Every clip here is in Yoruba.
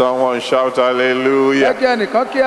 Someone shout hallelujah. Ẹ̀kẹ́ nìkan kí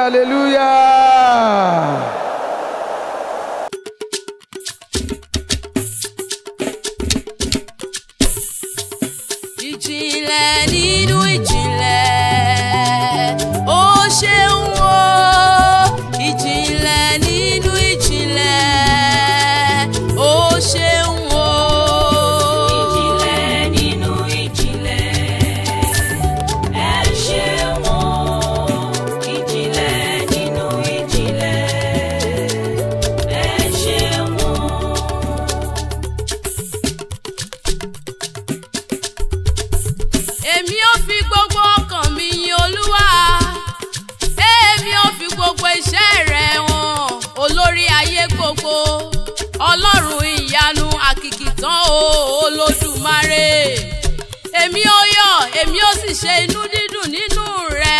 èmi ó sì ṣe inú dídùn nínú rẹ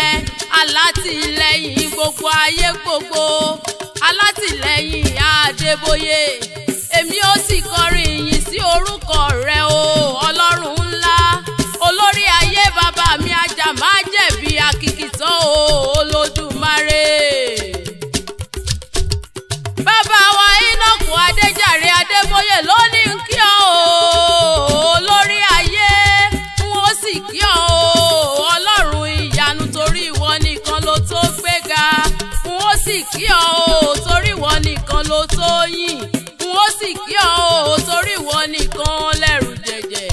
alátìlẹ́yìn gbogbo ayé gbogbo alátìlẹ́yìn Adébóyè èmi ó sì kọrin ìyìn sí orúkọ rẹ o Ọlọ́run ńlá olórí ayé bàbá mi ajá máa jẹ̀bi akìkìtàn o Olódùmarè bàbá. sì kí ọ o torí ìwọ nìkan ló tó yìn n ó sì kí ọ o torí ìwọ nìkan lẹ́rù jẹ̀jẹ̀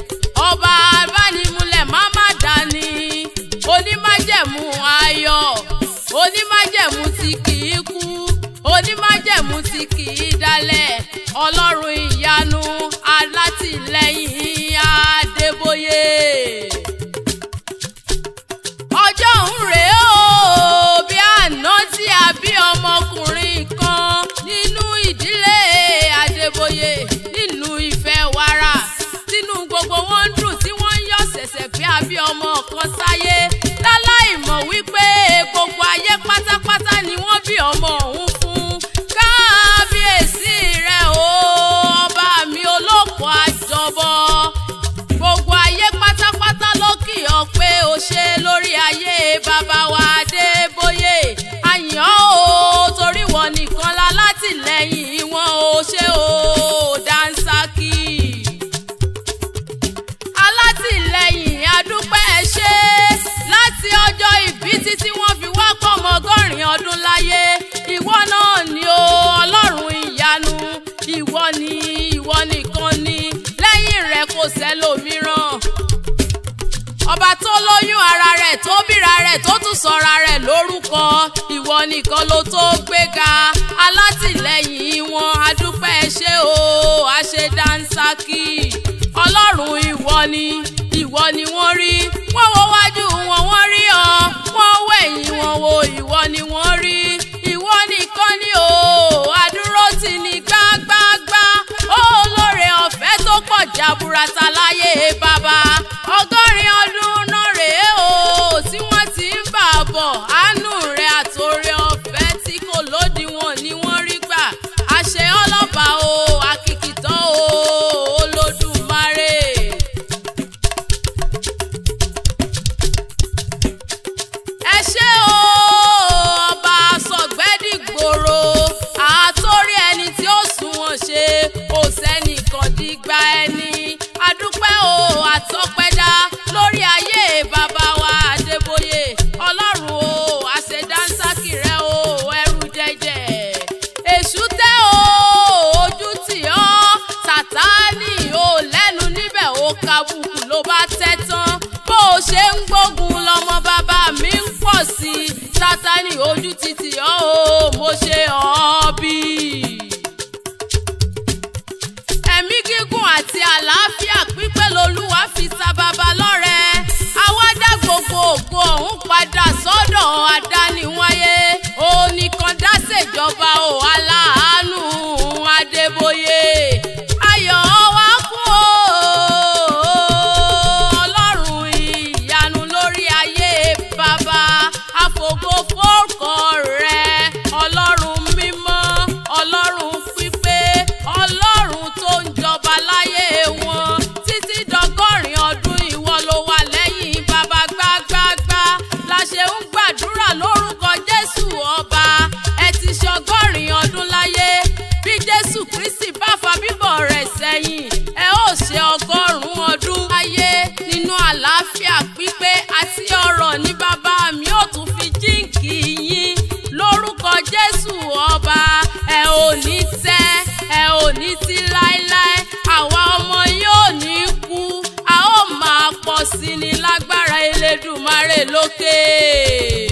ọba abánimúlẹ̀ má má dání onímájẹ̀mú ayọ̀ onímájẹ̀mú tí kì í kú onímájẹ̀mú tí kì í dalẹ̀ ọlọ́run ìyanu alátìlẹ́yìn. bàbá wa Adébóyè àyàn o torí wọn nìkan la látìlẹ́yìn wọn o ṣé o Dansaki alátìlẹ́yìn adúpẹ́ ẹ ṣé láti ọjọ́ ìbí títí wọ́n fi wá pọ̀mọ́ ọgọ́rin ọdún láyé ìwọ náà ni o Ọlọ́run ìyanu ìwọ ni ìwọ nìkan ni lẹ́yìn rẹ̀ kò sẹ́lòmíràn ọba tó lóyún ara rẹ̀ tó ríra rẹ̀ tó tún sọra rẹ̀ lórúkọ ìwọ nìkan ló tó gbéga alátìlẹ́yìn wọn adúpẹ́ ṣé o àṣẹ dánsákì ọlọ́run ìwọ ni ìwọ ni wọ́n rí wọ́n wo wájú wọn wọ́n rí ọ wọ́n wo ẹ̀yìn wọn wo ìwọ ni wọ́n rí ìwọ nìkan ni o àdúró tì ní gbágbágbá ó lóore ọ̀fẹ́ tó pọ̀ jaburata láyé bàbá. sátani ojú titi ọ́ o mo ṣe ọ́ bí. ẹ̀mí gígùn àti àlàáfíà pípé lolúwa fi ta bàbá lọ́rẹ́ àwa dá gbogbo ògo ọ̀hún padà sọ́dọ̀ àdániwáyé òní kan dá ṣèjọba o alá. àlàáfíà pípé àti ọrọ̀ ní bàbá mi ó tún fi jíǹkì yín lórúkọ Jésù ọba ẹ ò ní tẹ́ ẹ ò ní tí láéláé àwa ọmọ yóò ní kú a ó máa pọ̀ sí ni lágbára Elédùmarè lókè.